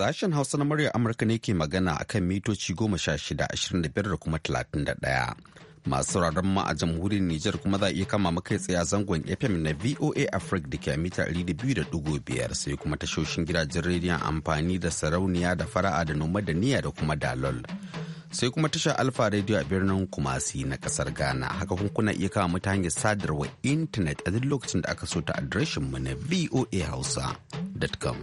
Sashen Hausa na murya Amurka ne ke magana a kan mitoci goma sha shida ashirin da biyar da kuma talatin da ɗaya. Masu sauraron ma a jamhuriyar Nijar kuma za a iya kama maka tsaye a zangon FM na VOA Africa da ke mita ɗari da biyu da ɗigo biyar sai kuma tashoshin gidajen rediyon amfani da sarauniya da fara'a da noma da niyya da kuma dalol. sai kuma tashar alfa radio a birnin kumasi na kasar ghana haka kun kuna iya kama mutane hanyar sadarwa intanet a duk lokacin da aka so ta adireshin mu na voahausa.com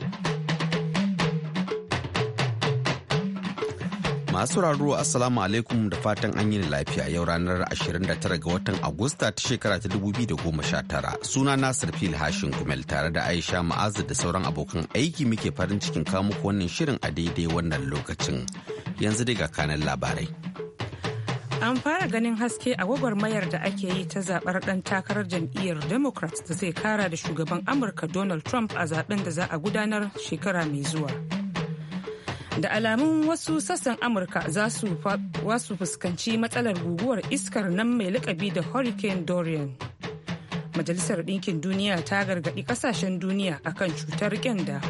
Masu sauraro Assalamu alaikum da fatan an yi lafiya yau ranar 29 ga watan Agusta ta shekara ta 2019. Suna Nasir Fil Hashin Kumel tare da Aisha Ma'azu da sauran abokan aiki muke farin cikin kawo muku wannan shirin a daidai wannan lokacin. Yanzu dai ga kanan labarai. An fara ganin haske a gwagwarmayar da ake yi ta zaɓar ɗan takarar jam'iyyar Democrats da zai kara da shugaban Amurka Donald Trump a zaɓen da za a gudanar shekara mai zuwa. da alamun wasu sassan amurka za su fuskanci matsalar guguwar iskar nan mai lakabi da hurricane dorian majalisar ɗinkin duniya ta gargaɗi ƙasashen duniya akan cutar kyanda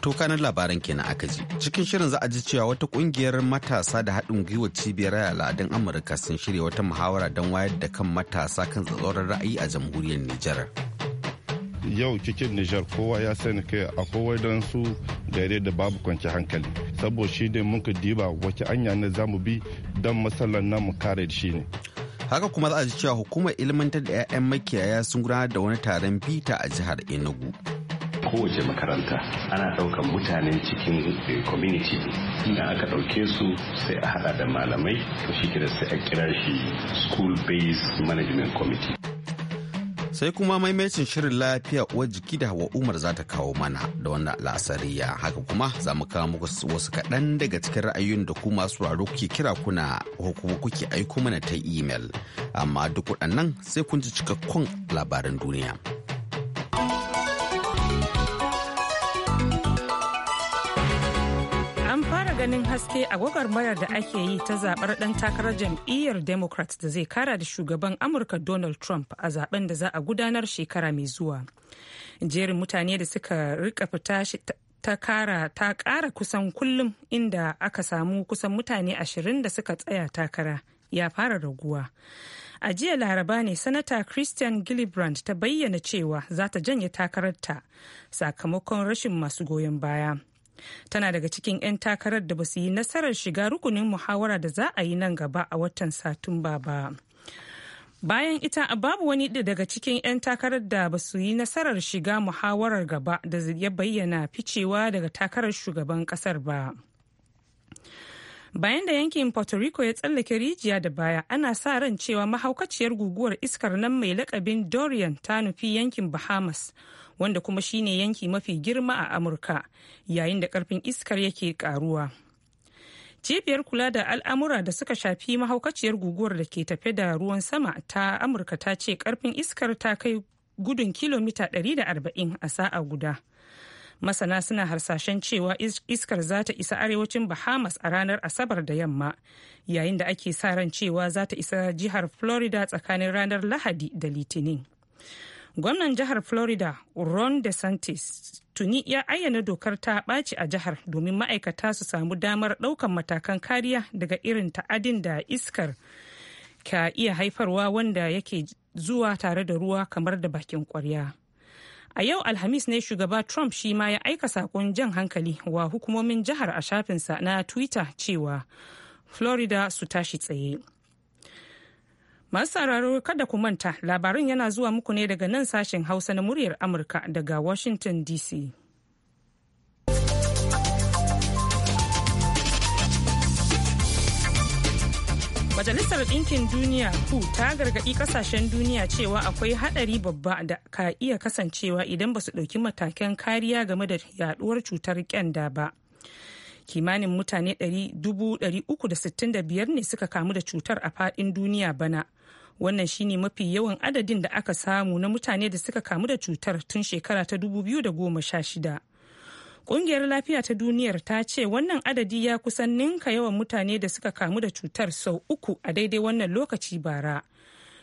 to labaran kenan aka ji cikin shirin za a ji cewa wata kungiyar matasa da haɗin gwiwa cibiyar al'adun amurka sun shirya wata muhawara don wayar da kan matasa kan tsatsauran ra'ayi a jamhuriyar nijar yau cikin nijar kowa ya sani kai akwai wadansu gare da babu kwanci hankali saboda shi ne muka diba wace anya ne za mu bi don matsalar nan mu kare shi ne haka kuma za a ji cewa hukumar ilmantar da 'ya'yan makiyaya sun gudanar da wani taron bita a jihar enugu kowace makaranta ana ɗaukar mutanen cikin eh, community inda aka ɗauke su sai a haɗa da malamai to shi sai a kira shi school based management committee sai kuma maimacin shirin lafiya uwar jiki da hawa umar za ta kawo mana da wannan la'asariya haka kuma za mu kawo muku wasu kaɗan daga cikin ra'ayoyin da kuma masu raro kuke kira kuna ko kuke aiko mana ta imel amma duk waɗannan sai kun ji cikakkun labaran duniya. ganin haske a gwagwarmayar da ake yi ta zabar dan takarar jam'iyyar democrat da zai kara da shugaban amurka donald trump a zaben da za a gudanar shekara mai zuwa jerin mutane da suka rika fita ta kara ta kara kusan kullum inda aka samu kusan mutane ashirin da suka tsaya takara ya fara raguwa a jiya laraba ne sanata christian gillibrand ta bayyana cewa za ta janye takararta sakamakon rashin masu goyon baya tana daga cikin 'yan takarar da ba su yi nasarar shiga rukunin muhawara da za a yi nan gaba a watan satumba ba bayan ita babu wani daga cikin 'yan takarar da ba su yi nasarar shiga muhawarar gaba da ya bayyana ficewa daga takarar shugaban kasar ba bayan da yankin puerto rico ya tsallake rijiya da baya ana sa ran cewa mahaukaciyar guguwar iskar nan mai lakabin dorian ta nufi yankin bahamas wanda kuma shine yanki mafi girma a amurka yayin da karfin iskar yake karuwa cibiyar kula da al'amura da suka shafi mahaukaciyar guguwar da ke tafe da ruwan sama ta amurka ta ce karfin iskar ta kai gudun kilomita 140 a sa'a guda masana suna harsashen cewa iskar za ta isa arewacin bahamas a ranar asabar da yamma yayin da ake sa ran cewa za ta isa jihar florida tsakanin ranar lahadi da litinin gwamnan jihar florida ron desantis tuni ya ayyana dokar ta ɓaci a jihar domin ma'aikata su samu damar ɗaukan matakan kariya daga irin ta'adin da iskar ka iya haifarwa wanda yake zuwa tare da ruwa kamar da bakin kwarya a yau alhamis ne shugaba trump shi ma ya aika saƙon jan hankali wa hukumomin jihar a shafinsa na twitter cewa florida su tashi tsaye Masu sauraro kada ku manta labarin yana zuwa muku ne daga nan sashen Hausa na muryar Amurka daga Washington DC. Majalisar Ɗinkin Duniya ku ta gargaɗi ƙasashen duniya cewa akwai haɗari babba da ka iya kasancewa idan ba su ɗauki matakan kariya game da yaɗuwar cutar kyanda ba. kimanin mutane 365 ne suka kamu da cutar a faɗin duniya bana wannan shine mafi yawan adadin da aka samu na mutane da suka kamu da cutar tun shekara ta 2016 Ƙungiyar lafiya ta duniyar ta ce wannan adadi ya kusan ninka yawan mutane da suka kamu da cutar sau uku a daidai wannan lokaci bara.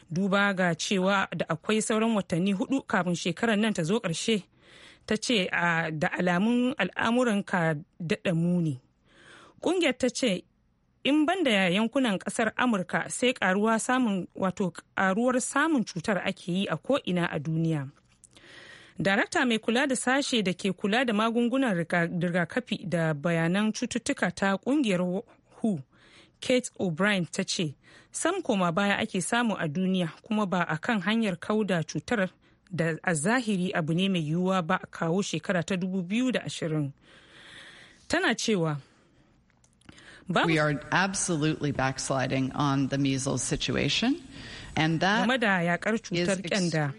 Duba ga cewa da akwai sauran watanni hudu kafin shekarar nan ta zo ƙarshe, ta ce da alamun al'amuranka daɗa muni. Ƙungiyar ta ce in banda yankunan kasar amurka sai karuwa samun wato karuwar samun cutar ake yi a ko'ina a duniya darakta mai kula da sashe da ke kula da magungunan rigakafi da bayanan cututtuka ta kungiyar hu kate o'brien ta ce sam koma baya ake samu a duniya kuma ba a kan hanyar kauda cutar da a zahiri abu ne mai yiwuwa ba a kawo shekara ta 2020 tana cewa We are absolutely backsliding on the measles situation. And that da yakar cutar kyanda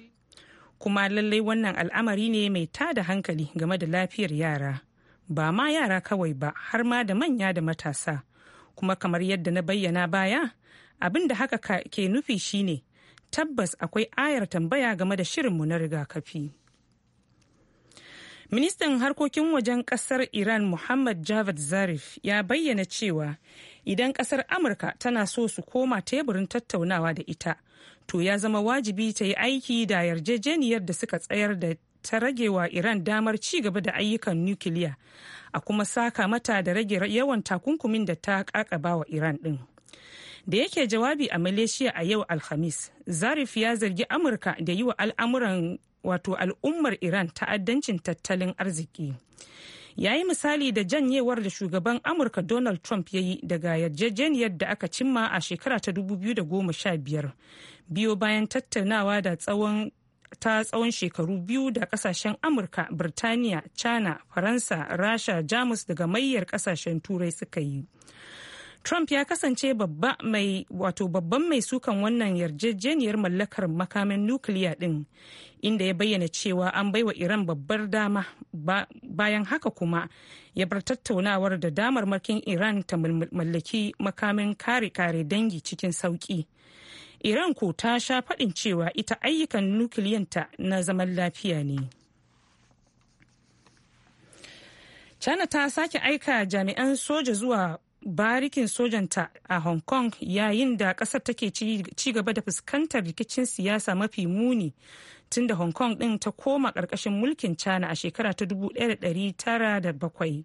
kuma lallai wannan al'amari ne mai tada hankali game da lafiyar yara ba ma yara kawai ba har ma da manya da matasa kuma kamar yadda na bayyana baya abin da haka ke nufi shine tabbas akwai ayar tambaya game da shirinmu na rigakafi. Ministan harkokin wajen kasar Iran Muhammad Javad Zarif ya bayyana cewa idan kasar Amurka tana so su koma teburin tattaunawa da ita, to ya zama wajibi ta yi aiki da yarjejeniyar da suka tsayar da ta rage wa Iran damar ci gaba da ayyukan nukiliya, a kuma saka mata da rage yawan takunkumin da ta kakaba wa Iran din. da yake jawabi a malaysia a yau alhamis zarif ya zargi amurka da yi wa al'amuran wato al'ummar iran ta'addancin tattalin arziki ya yi misali da janyewar da shugaban amurka donald trump ya yi daga yarjejeniyar da aka cimma a shekara ta 2015 biyo bayan tattaunawa da tsawon ta tsawon shekaru biyu da kasashen amurka birtaniya china faransa rasha jamus daga mayyar kasashen turai suka yi Trump ya kasance babba mai wato babban mai sukan wannan yarjejeniyar mallakar makamin nukiliya din inda ya bayyana cewa an baiwa Iran babbar dama bayan haka kuma ya bar tattaunawar da damar damarmakin Iran ta mallaki makamin kare-kare dangi cikin sauki. Iran ko ta sha faɗin cewa ita ayyukan nukiliyanta na zaman lafiya ne. China ta sake aika jami'an soja zuwa barikin sojanta a hong kong yayin da kasar take ci gaba da fuskantar rikicin siyasa mafi muni tun da hong kong din ta koma karkashin mulkin china a shekara ta 1907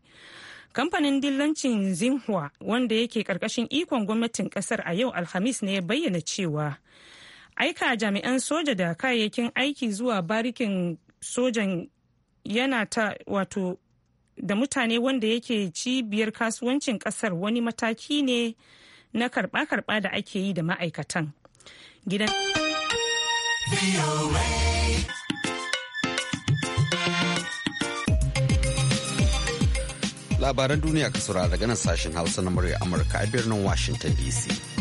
kamfanin dillancin xinhua wanda yake karkashin ikon gwamnatin kasar a yau alhamis ne ya bayyana cewa aika jami'an soja da kayayyakin aiki zuwa barikin sojan yana ta wato da mutane wanda yake cibiyar kasuwancin kasar wani mataki ne na karba-karba da ake yi da ma'aikatan. Gidan Labaran duniya ka saurara daga nan sashen Hausa na murya Amurka a birnin Washington DC.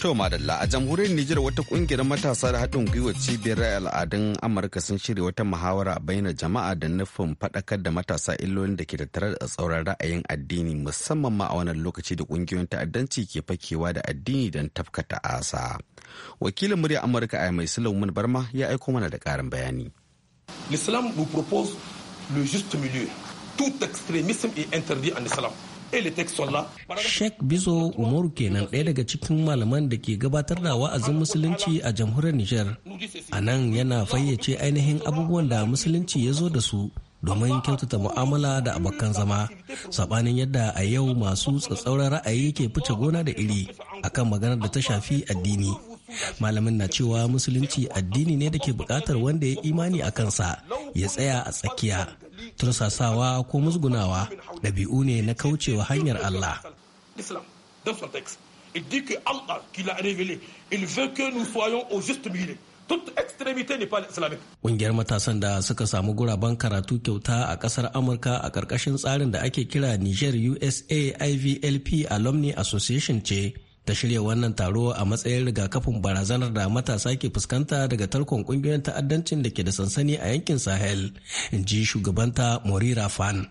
To madalla a jamhuriyar Nijar wata kungiyar matasa da haɗin gwiwa cibiyar al'adun Amurka sun shirya wata muhawara a bayyana jama'a da nufin faɗakar da matasa illolin da ke tattare a tsauran ra'ayin addini musamman ma a wannan lokaci da kungiyoyin ta'addanci ke fakewa da addini don tafka ta'asa. Wakilin murya Amurka a mai Sulaiman Barma ya aiko mana da ƙarin bayani. Islam will propose le juste milieu. Tout extrémisme est interdit en islam. Sheikh Bizo Umaru kenan ɗaya daga cikin malaman da ke gabatar da wa'azin musulunci a jamhuriyar Nijar. A nan yana fayyace ainihin abubuwan da musulunci ya zo da su domin kyautata mu'amala da abokan zama sabanin yadda a yau masu tsatsauran ra'ayi ke fice gona da iri akan maganar da ta shafi addini. malamin na cewa musulunci addini ne da ke bukatar wanda ya imani a kansa ya tsaya a tsakiya tursasawa ko musgunawa ɗabi'u ne na kaucewa hanyar allah Ƙungiyar matasan da suka samu guraben karatu kyauta a ƙasar Amurka a ƙarƙashin tsarin da ake kira Niger USA IVLP Alumni Association ce ta shirya wannan taro a matsayin rigakafin barazanar da matasa ke fuskanta daga tarkon kungiyoyin ta'addancin da ke da sansani a yankin sahel in ji shugabanta morira fan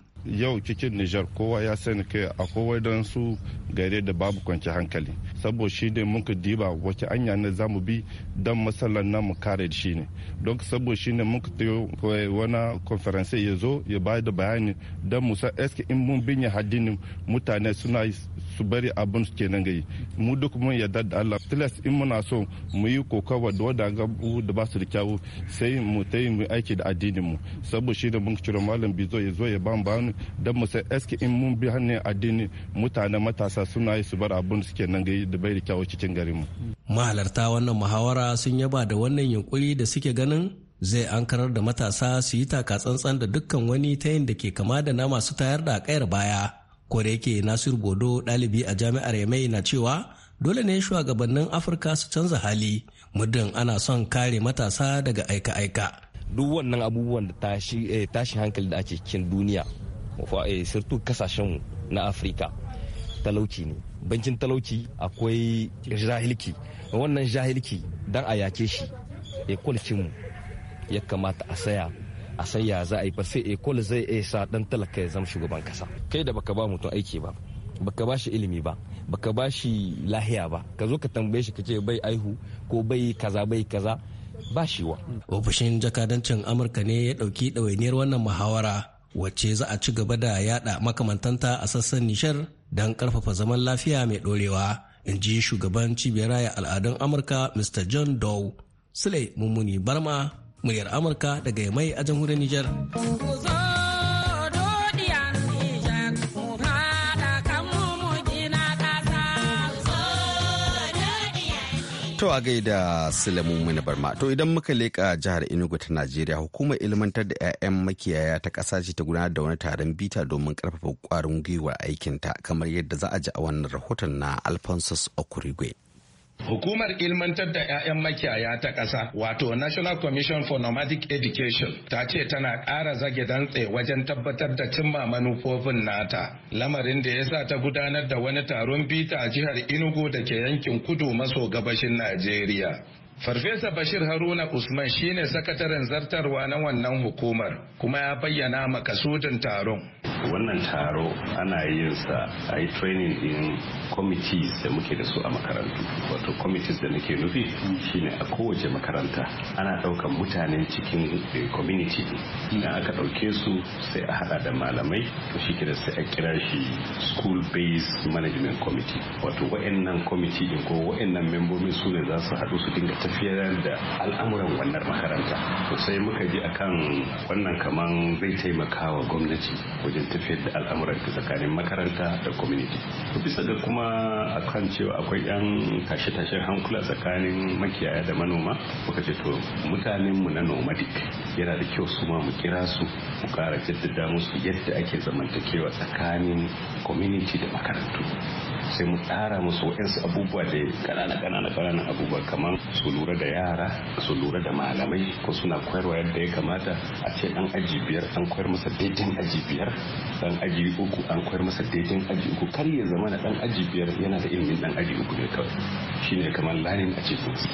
yau cikin nijar kowa ya sani kai akwai wadansu gare da babu kwanci hankali saboda shi ne muka diba wace anya ne za mu bi don matsalar nan mu kare shi ne don saboda shi ne muka tayo eh, wani conference ya zo ya bayar da bayani don musa eske in mun binye haddinin mutane suna su bari abin su kenan gai mu duk mun yarda da Allah tilas in muna so mu yi kokawa da wadanga da ba su da kyawu sai mu ta yi mu aiki da addinin mu saboda shi ne muka cire malam bizo ya zo ya ban bani don musa sai eske in mun bi hannun addini mutane matasa suna yi su bari abin su kenan gai da bai da kyawu garinmu. Mahalarta wannan muhawara sun yaba da wannan yunkuri da suke ganin zai ankarar da matasa su yi taka tsantsan da dukkan wani ta yin da ke kama da na masu tayar da akayar baya. Ko da yake Nasiru godo ɗalibi a jami'ar Yamai na cewa dole ne shugabannin Afirka su canza hali muddin ana son kare matasa daga aika-aika. Duk wannan abubuwan da tashin eh, hankali da ake cikin duniya, eh, sirtu kasashenmu na Afirka talauci ne bankin talauci akwai jahilki wannan jahilki dan a yake shi mu ya kamata a saya a sanya za a yi sai ekol zai iya sa dan talaka ya zama shugaban kasa kai da baka ba mutum aiki ba baka ba shi ilimi ba baka ba shi lahiya ba ka zo ka tambaye shi ka ce bai aihu ko bai kaza bai kaza ba shi wa ofishin jakadancin amurka ne ya dauki ɗawainiyar wannan muhawara wacce za a ci gaba da yada makamantanta a sassan nishar don karfafa zaman lafiya mai dorewa in ji shugaban cibiyar raya al'adun amurka mr john dow sule mummuni barma muryar amurka daga mai a jamhuriyar nijar. To a gaida Sulaimu Barma. To idan muka leƙa jihar Enugu ta Najeriya hukumar ilmantar da 'ya'yan makiyaya ta ƙasa ce ta gudanar da wani taron bita domin ƙarfafa ƙwarin gwiwar aikinta kamar yadda za a ji a wannan rahoton na Alphonsus Okurigwe. Hukumar ilmantar da 'ya'yan makiyaya ta ƙasa wato National Commission for Nomadic Education ta ce tana ƙara zage dantse wajen tabbatar da cimma manufofin nata. Lamarin da ya sa ta gudanar da wani taron bita a jihar Enugu da ke yankin kudu maso gabashin Najeriya. Farfesa Bashir Haruna Usman shine sakataren zartarwa na wannan hukumar kuma ya bayyana makasudin taron. Wannan taro ana yin sa a yi training din committees da muke da su a makarantu. Wato committees da nake nufi shine a kowace makaranta ana ɗaukan mutanen cikin eh, community idan aka ɗauke su sai a haɗa da malamai to shi kira sai a kira shi school based management committee. Wato wa'annan committee din ko wa'annan membobin su ne za su haɗu su dinga tafiyar da al'amuran wannan makaranta sai muka ji akan wannan kaman zai taimaka wa gwamnati wajen tafiyar da al'amuran ta tsakanin makaranta da community bisa ga kuma akan cewa akwai yan tashe-tashen hankula tsakanin makiyaya da manoma muka ce to mutanen mu na nomadic yana da kyau su ma mu kira su mu kara jaddada musu yadda ake zamantakewa tsakanin community da makarantu sai mu tsara musu waɗansu abubuwa da kanana kanana kanana abubuwa kamar su lura da yara su lura da malamai ko suna koyarwa yadda ya kamata a ce dan aji biyar an koyar masa daidin aji biyar dan aji uku an koyar masa daidin aji uku kar ya zama na ɗan aji biyar yana da ilimin ɗan aji uku ne kawai shine kamar learning achievements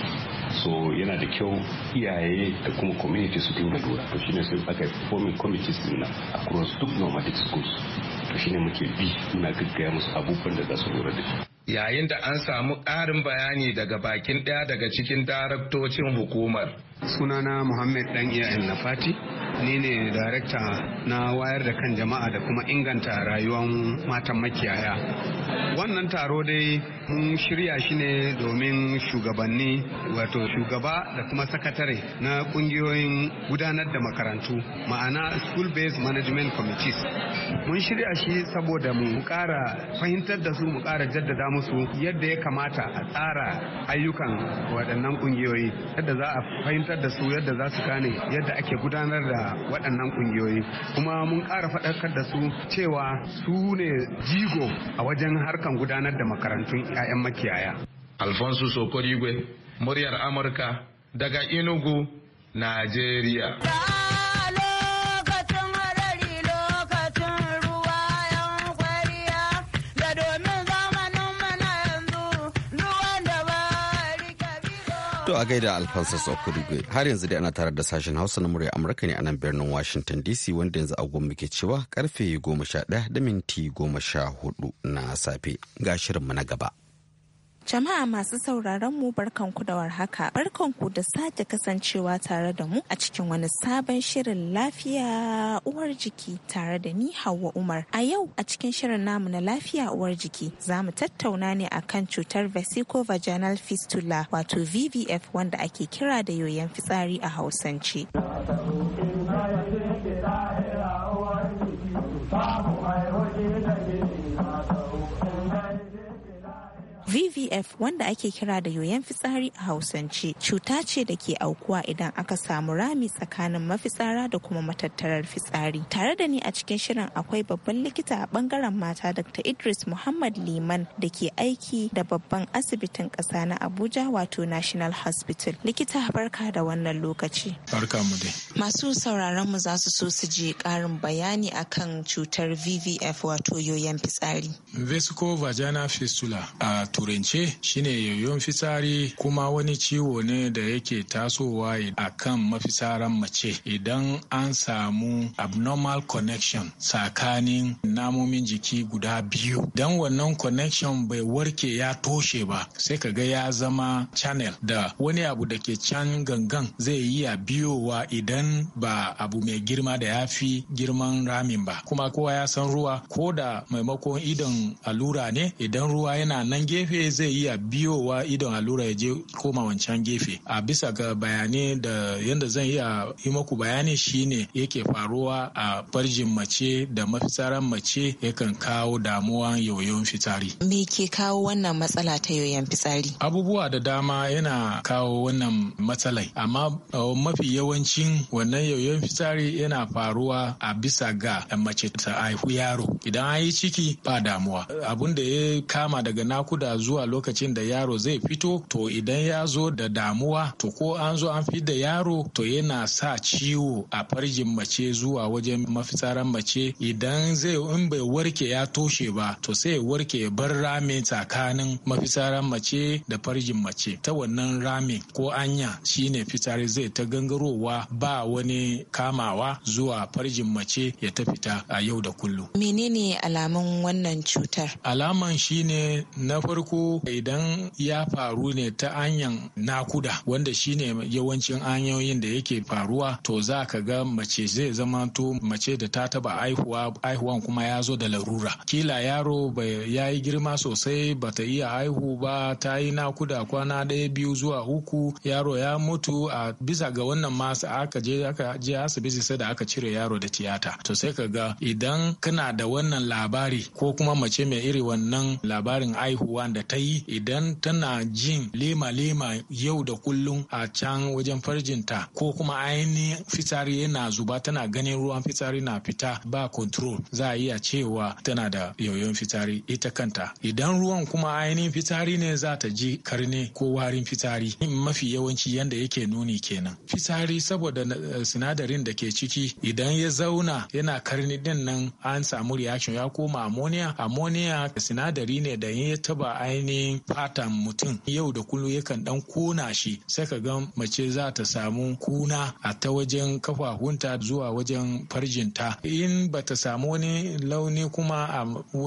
so yana da kyau iyaye da kuma community su dinga lura to shine sai aka forming committees din across duk nomadic schools to shine muke bi muna gaggaya musu abubuwan da za su lura da shi yayin da an samu ƙarin bayani daga bakin ɗaya daga cikin daraktocin hukumar sunana muhammed dan iya lafati ni ne darekta na wayar da kan jama'a da kuma inganta rayuwar matan makiyaya wannan taro dai mun shirya shi ne domin shugabanni wato shugaba da kuma sakatare na kungiyoyin gudanar da makarantu ma'ana school based management committees mun shirya shi saboda mu kara fahimtar da su mu kara jaddada musu yadda ya kamata a tsara ayyukan waɗannan kungiyoyi yadda za a fahimtar faɗakar da su yadda za su gane yadda ake gudanar da waɗannan ƙungiyoyi kuma mun ƙara faɗakar da su cewa su ne jigo a wajen harkan gudanar da makarantun 'ya'yan makiyaya. Alfonso Sokorigwe, muryar Amurka daga inugu Najeriya. a gaida har yanzu dai ana tare da sashen Hausa na murya Amurka ne a nan birnin Washington DC wanda yanzu mu muke cewa karfe 11 da minti 14 na safe ga shirinmu na gaba. Jama'a masu sauraron mu barkanku da warhaka. Barkanku da sake kasancewa tare da mu a cikin wani sabon shirin lafiya uwar jiki tare da ni Hauwa Umar. A yau a cikin shirin namu na lafiya uwar jiki za mu tattauna ne akan cutar Vaginal fistula wato VVF wanda ake kira da yoyon fitsari a Hausance. vvf wanda ake kira da yoyon fitsari a hausance cuta ce da ke aukuwa idan aka samu rami tsakanin mafitsara da kuma matattarar fitsari tare da ni a cikin shirin akwai babban likita a bangaren mata dr idris muhammad liman da ke aiki da babban asibitin ƙasa na abuja wato national hospital likita barka da wannan lokaci masu sauraron mu za su so su je ƙarin bayani akan cutar vvf wato yoyon fitsari vesico vagina fistula a uh, turance shine yoyon fitsari kuma wani ciwo ne da yake tasowa a kan mafitsaran mace idan an samu abnormal connection tsakanin namomin jiki guda biyu dan wannan connection bai warke ya toshe ba sai ka ga ya zama channel da wani abu da ke can gangan zai yi a biyowa idan ba abu mai girma da ya fi girman ramin ba kuma kowa ya san ruwa ko da maimakon idon allura ne idan ruwa yana nan gefe gefe zai iya biyowa idon allura ya je koma wancan gefe a bisa ga bayanai da yadda zan iya yi maku bayani shine yake faruwa a farjin mace da mafitsaran mace yakan kawo damuwa yoyon fitsari me ke kawo wannan matsala ta yoyon fitsari abubuwa da dama yana kawo wannan matsalai amma mafi yawancin wannan yoyon fitsari yana faruwa a bisa ga mace ta haihu yaro idan an yi ciki ba damuwa abun da ya kama daga nakuda zuwa lokacin da yaro zai fito to idan ya zo da damuwa to ko an zo an fi da yaro to yana sa ciwo a farjin mace zuwa wajen mafitsaran mace idan zai in bai warke ya toshe ba to sai warke bar rami tsakanin mafitsaran mace da farjin mace ta wannan rame ko anya shine fitsari zai ta gangarowa ba wani kamawa zuwa farjin mace ya ta fita a yau da kullum menene alamun wannan cutar alaman shine na farko farko idan ya faru ne ta anyan nakuda wanda shine yawancin hanyoyin da yake faruwa to za ka ga mace zai zama to mace da ta taba aihuwa aihuwan kuma ya zo da larura kila yaro ya yi girma sosai ba bata iya aihu ba ta yi nakuda kwana ɗaya biyu zuwa uku yaro ya mutu a bisa ga wannan masu aka je aka je asibiti sai da aka cire yaro da tiyata to sai ka ga idan kana da wannan labari ko kuma mace mai iri wannan labarin aihuwan da ta yi idan tana jin lema-lema yau da kullum a can wajen farjinta ko kuma ainihin fitsari yana zuba tana ganin ruwan fitsari na fita ba control za a iya cewa tana da yoyon fitsari ita kanta idan ruwan kuma ainihin fitsari ne za ta ji karni ko warin fitsari mafi yawanci yanda yake nuni kenan fitsari saboda eh, sinadarin da ke ciki idan ya zauna yana karni din nan an samu reaction ya koma ammonia ammonia sinadari ne da ya taba ainihin fatan mutum yau da kullum yakan dan kona shi sai ka ga mace za ta samu kuna a ta wajen kafafunta zuwa wajen farjinta in ba ta samu wani launi kuma a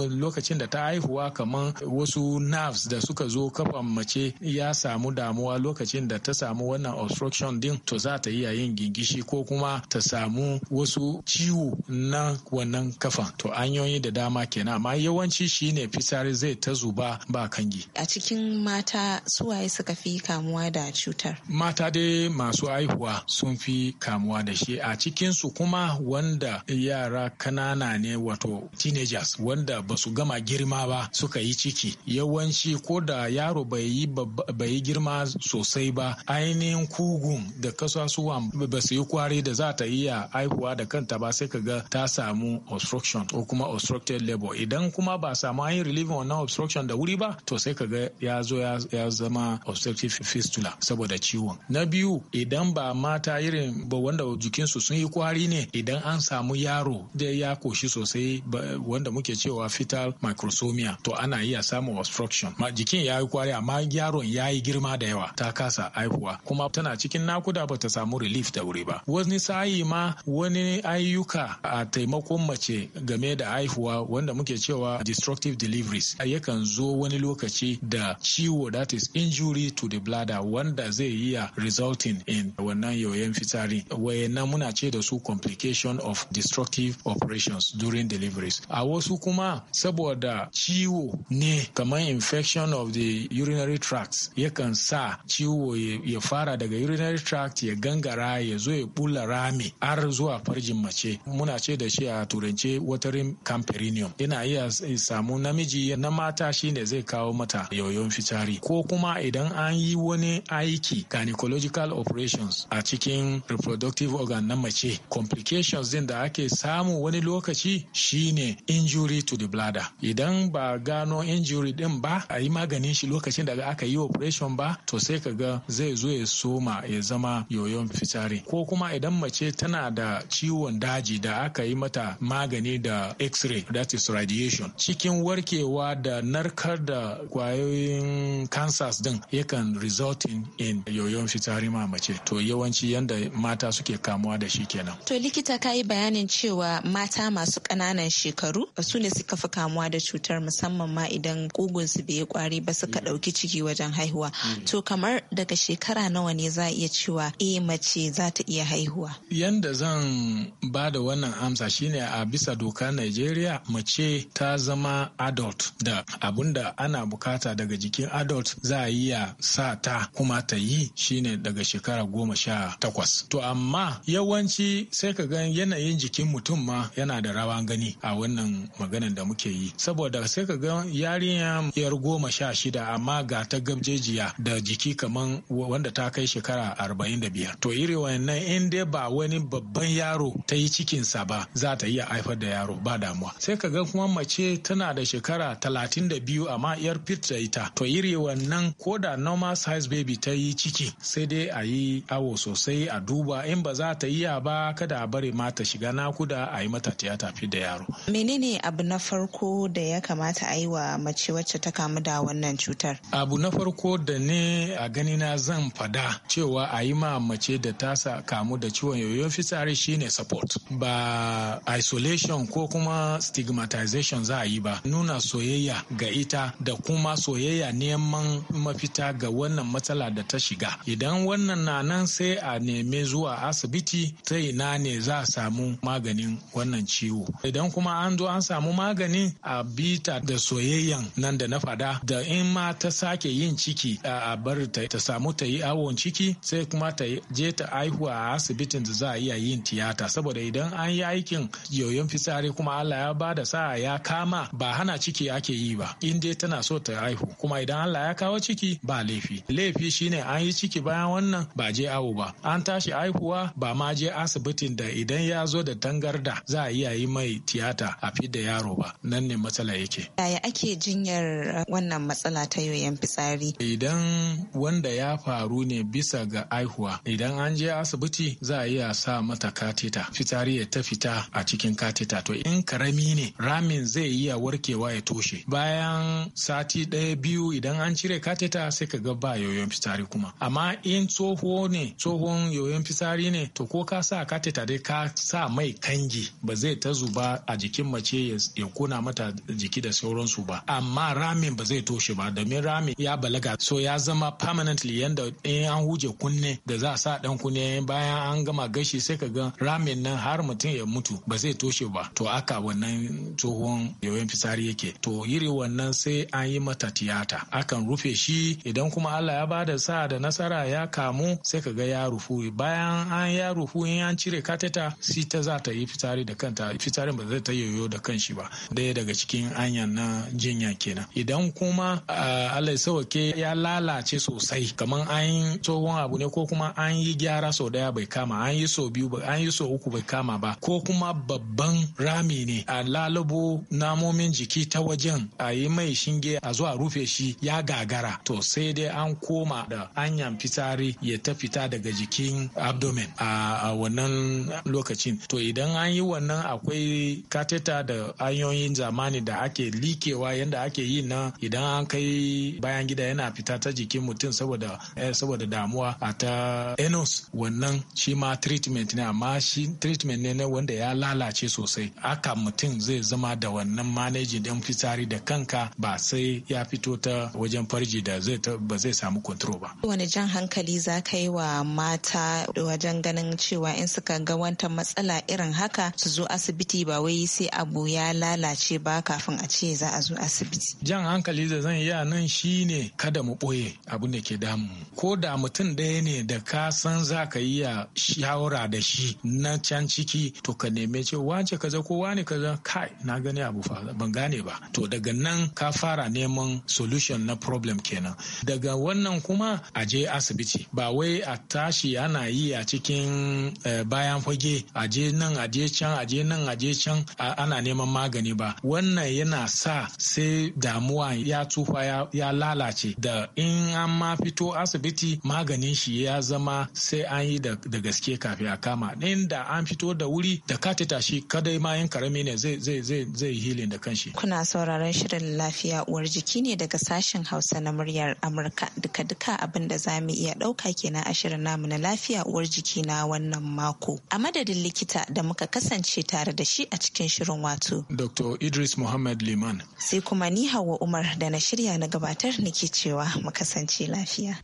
lokacin da ta haihuwa kamar wasu nerves da suka zo kafan mace ya samu damuwa lokacin da ta samu wannan obstruction din to za ta iya yin gingishi ko kuma ta samu wasu ciwo na wannan kafan to hanyoyi da dama kenan amma yawanci shine fitsari zai ta zuba ba a kangi. A cikin mata suwaye suka fi kamuwa da cutar? Mata dai masu haihuwa sun fi kamuwa da shi a cikinsu kuma wanda yara kanana ne wato teenagers wanda ba su gama girma ba suka yi ciki. Yawanci ko da yaro bai yi girma sosai ba ainihin kugun da kasasuwan ba su yi kwari da za ta iya haihuwa da kanta ba sai ka ga ta samu obstruction ko kuma obstructed labor idan kuma ba samu an yi relieving wannan obstruction da wuri ba to sai ka ga ya zo ya zama obstructive fistula saboda ciwon na biyu idan ba mata irin ba wanda jikinsu sun yi kwari ne idan an samu yaro da ya koshi sosai wanda muke cewa fetal microsomia to ana iya samun obstruction ma jikin ya yi kwari amma yaron ya yi girma da yawa ta kasa haihuwa kuma tana cikin nakuda ba ta samu relief da wuri ba wani sayi ma wani ayyuka a taimakon mace game da haihuwa wanda muke cewa destructive deliveries yakan zo wani lokaci lokaci da ciwo that is injury to the bladder wanda zai iya resulting in wannan yoyon fitsari wayannan muna ce da su complication of destructive operations during deliveries a wasu kuma saboda ciwo ne kamar infection of the urinary tracts, yakan sa ciwo ya fara daga urinary tract ya gangara ya zo ya bula rami har zuwa farjin mace muna ce da shi a turance watering camperinium yana iya eh, samu namiji na mata shine zai kawo kawo mata yoyon fitsari ko kuma idan an yi wani aiki gynecological operations a cikin reproductive organ na mace complications din da ake samu wani lokaci shine injury to the bladder idan ba gano injury din ba a yi maganin shi lokacin da aka yi operation ba to sai ka ga zai zo ya soma ya zama yoyon fitsari ko kuma idan mace tana da ciwon daji da aka yi mata magani da x-ray that is radiation cikin warkewa da narkar da kwayoyin kansas din yakan resulting in yoyon fitsari ma mace to yawanci yanda mata suke kamuwa da shi kenan to likita ka yi bayanin cewa mata masu kananan shekaru su ne suka fi kamuwa da cutar musamman ma idan su bai yi kwari ba suka ɗauki ciki wajen haihuwa mm. to kamar daga shekara nawa ne za iya cewa eh mace za ta iya haihuwa yanda zan ba da wannan amsa shine a bisa doka Najeriya mace ta zama adult da abunda ana ana bukata daga jikin adult za a iya sa ta kuma ta yi shine daga shekara goma sha takwas to amma yawanci sai ka gan yanayin jikin mutum ma yana da rawan gani a wannan maganan da muke yi saboda sai ka gan yarinya yar goma sha shida amma ga ta gabjejiya da jiki kamar wanda ta kai shekara arba'in da biyar to iri wannan in dai ba wani babban yaro ta yi cikinsa ba za ta iya haifar da yaro ba damuwa sai ka ga kuma mace tana da shekara talatin da biyu amma yar fit da ita to iri wannan ko da normal size baby ta yi ciki sai dai a yi awo sosai a duba in ba za ta iya ba kada a bari mata shiga na kuda a yi mata tiyata fi da yaro menene abu na farko da ya kamata a yi wa mace wacce ta kamu da wannan cutar abu na farko da ne a gani na zan fada cewa a yi ma mace da ta kamu da ciwon yoyon fitsari shine support ba isolation ko kuma stigmatization za a yi ba nuna soyayya ga ita da kuma soyayya neman mafita ga wannan matsala da ta shiga idan wannan na nan sai a neme zuwa asibiti ta ina ne za a samu maganin wannan ciwo idan kuma an zo an samu maganin a bita da soyayyan nan da na fada da in ma ta sake yin ciki a bar ta samu ta yi awon ciki sai kuma ta je ta aihuwa a asibitin da za a iya yin tiyata saboda idan an yi aikin yoyon fisari kuma Allah ya ba da sa'a ya kama ba hana ciki ake yi ba in dai tana tana so ta haihu kuma idan Allah ya kawo ciki ba laifi laifi shine an yi ciki bayan wannan ba je awo ba an tashi haihuwa ba ma je asibitin da idan ya zo da tangarda za a iya yi mai tiyata a fidda yaro ba nan ne matsala yake yaya ake jinyar uh, wannan matsala ta yoyon fitsari idan wanda ya faru ne bisa ga haihuwa idan an je asibiti za a iya sa mata katita fitsari ya ta fita a cikin katita to in karami ne ramin zai iya warkewa ya toshe bayan sati ɗaya biyu idan an cire kateta sai ka ga ba yoyon fitsari kuma amma in tsoho ne tsohon yoyon fitsari ne to ko ka sa kateta dai ka sa mai kangi ba zai ta zuba a jikin mace ya kuna mata jiki da sauransu ba amma ramin ba zai toshe ba domin ramin ya balaga so ya zama permanently yanda in an huje kunne da za a sa dan kunne bayan an gama gashi sai ka ga ramin nan har mutum ya mutu ba zai toshe ba to aka wannan tsohon yoyon fitsari yake to yiri wannan sai an yi mata tiyata akan rufe shi idan kuma Allah ya bada sa da nasara ya kamu sai ka ga ya rufu bayan an ya rufu in an cire kateta si ta za ta yi fitari da kanta fitarin ba zai ta yoyo da kanshi ba daya daga cikin anyan na jinya kenan idan kuma Allah ya sauke ya lalace sosai kamar an yi tsohon abu ne ko kuma an yi gyara sau daya bai kama an yi sau biyu an yi sau uku bai kama ba ko kuma babban rami ne a lalubo namomin jiki ta wajen a yi mai shinge fage a zuwa rufe shi ya gagara to sai dai an koma da hanyar fitsari ya ta fita daga jikin abdomen a wannan lokacin to idan an yi wannan akwai kateta da hanyoyin zamani da ake likewa yadda ake yi na idan an kai bayan gida yana fita ta jikin mutum saboda eh, damuwa a ta enos wannan shi ma treatment ne amma shi treatment ne wanda ya lalace sosai haka mutum zai zama da wannan manajin din fitsari da kanka ba sai sai ya fito ta wajen farji da zai ba zai samu kontro ba wani jan hankali za ka yi wa mata wajen ganin cewa in suka ga wata matsala irin haka su zo asibiti ba wai sai abu ya lalace ba kafin a ce za a zo asibiti jan hankali da zan yi a nan shine kada mu ɓoye abin da ke damu ko da mutum ɗaya ne da ka san za ka yi a shawara da shi na can ciki to ka neme ce wance kaza ko wane kaza kai na gani abu ban gane ba to daga nan ka fara neman solution na problem kenan daga wannan kuma a je asibiti ba wai a tashi ana yi a cikin eh, bayan fage a je nan a je can a je nan a je can ana neman magani ba wannan yana sa sai damuwa ya tufa ya lalace da in an ma fito asibiti maganin shi ya zama sai an yi da gaske kafin a kama inda an fito da wuri da katita shi kadai ma yin karami ne zai zai zai zai healing da kanshi kuna sauraron shirin lafiya uwar jiki ne daga sashen Hausa na muryar Amurka duka-duka abinda za mu iya ɗauka kenan a shirin namu na lafiya uwar jiki na wannan mako. A madadin likita da muka kasance tare da shi a cikin shirin wato. Dr. Idris Muhammad Liman. Sai kuma ni Hauwa Umar da na shirya na gabatar nake cewa mu kasance lafiya.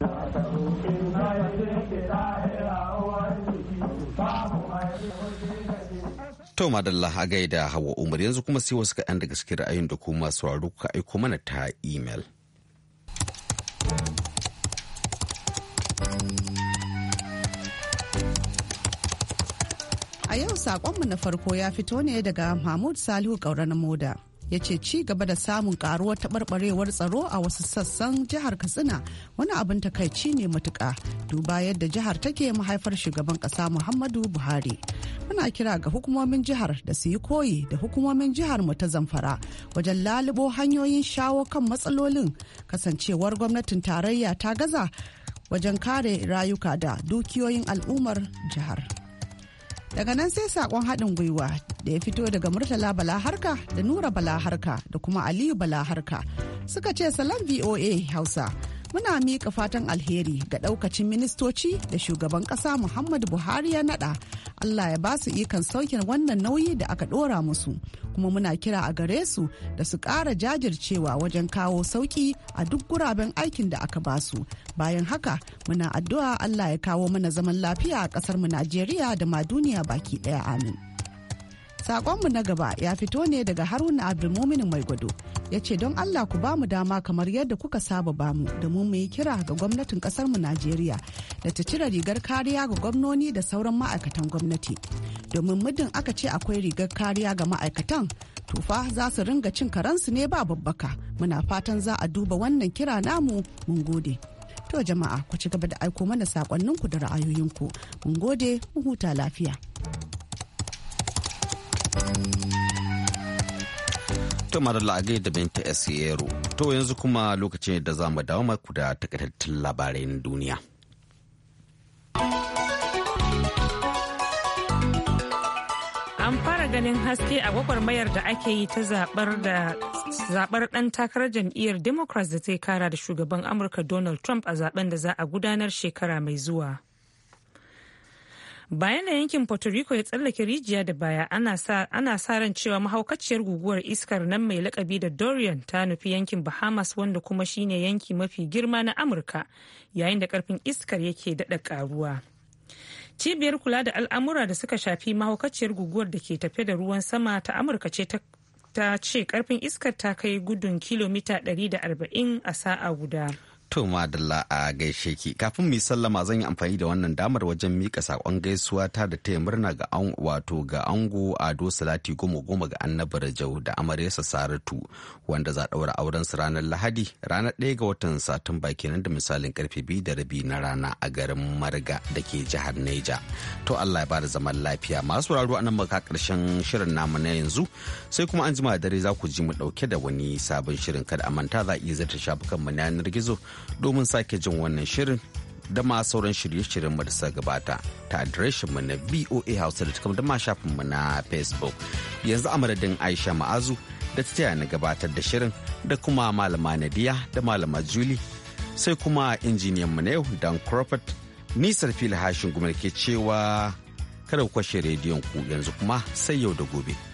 To madalla a gaida hawa umar yanzu kuma sai wasu kaɗan daga cikin ra'ayin da kuma sauraro ka aiko mana ta email. A yau saƙonmu na farko ya fito ne daga Mahmud Salihu Ƙaura na Moda. ya ce ci gaba da samun karuwar taɓarɓarewar tsaro a wasu sassan jihar katsina wani abin takaici ne matuƙa duba yadda jihar take mahaifar shugaban ƙasa muhammadu buhari muna kira ga hukumomin jihar da su yi koyi da hukumomin jihar mu ta zamfara wajen lalubo hanyoyin shawo kan matsalolin kasancewar gwamnatin tarayya ta gaza wajen kare rayuka da dukiyoyin al'ummar jihar. daga nan sai saƙon haɗin gwiwa da ya fito daga murtala bala harka da nura bala harka da kuma aliyu bala harka suka ce salam voa hausa muna mika fatan alheri ga ɗaukacin ministoci da shugaban ƙasa muhammadu buhari ya naɗa allah ya ba su ikon saukin wannan nauyi da aka ɗora musu kuma muna kira a gare su da su ƙara jajircewa wajen kawo sauƙi a duk guraben aikin da aka ba su bayan haka muna addu'a allah ya kawo mana zaman lafiya a ƙasar mu najeriya da ma duniya baki ɗaya amin Sakonmu na gaba ya fito ne daga Haruna Abdulmuminin mai gwado ya ce don Allah ku bamu dama kamar yadda kuka saba bamu da mu yi kira ga gwamnatin kasarmu Najeriya da ta cire rigar kariya ga gwamnoni da sauran ma'aikatan gwamnati. Domin muddin aka ce akwai rigar kariya ga ma'aikatan tufa za su ringa cin karansu ne ba babbaka muna fatan za a duba wannan kira namu mun gode. To jama'a ku ci gaba da aiko mana sakonninku da ra'ayoyinku mun gode mu huta lafiya. To da a da Binta Esiyero. To yanzu kuma lokacin da za mu dawo maku da takaitattun labaran duniya. An fara ganin haske a gwagwarmayar da ake yi ta zabar da zabar dan takarar jam'iyyar Democrats da ta kara da shugaban Amurka Donald Trump a zaben da za a gudanar shekara mai zuwa. bayan da yankin puerto rico ya tsallake rijiya da baya ana sa ran cewa mahaukaciyar guguwar iskar nan mai lakabi da dorian ta nufi yankin bahamas wanda kuma shine yanki mafi girma na amurka yayin da karfin iskar yake daɗa ƙaruwa cibiyar kula da al'amura da suka shafi mahaukaciyar guguwar da ke tafe da ruwan sama ta amurka ce ta ta ce karfin iskar ta kai gudun kilomita 140 a sa'a guda. To madalla a gaishe ki kafin mu sallama zan yi amfani da wannan damar wajen mika sakon gaisuwa ta da taya murna ga an wato ga ango Ado Salati goma goma ga annabi Jau da amaryarsa Saratu wanda za daura auren su ranar Lahadi ranar 1 ga watan Satumba kenan da misalin karfe 2 da rabi na rana a garin Marga da ke jihar Neja. To Allah ya bada zaman lafiya masu sauraro anan maka karshen shirin namu na yanzu sai kuma an jima da dare za ku ji mu dauke da wani sabon shirin kada a manta za a iya zata shafukan mu na yanar gizo domin sake jin wannan shirin da ma sauran shirye-shiryen da suka gabata ta adireshinmu na voa hausa da ma shafinmu na facebook yanzu a madadin aisha ma'azu da ta taya na gabatar da shirin da kuma malama nadiya da malama juli sai kuma injiniyan mu na yau dan crawford nisar fili hashin gumar ke cewa kada ku kwashe rediyon ku yanzu kuma sai yau da gobe.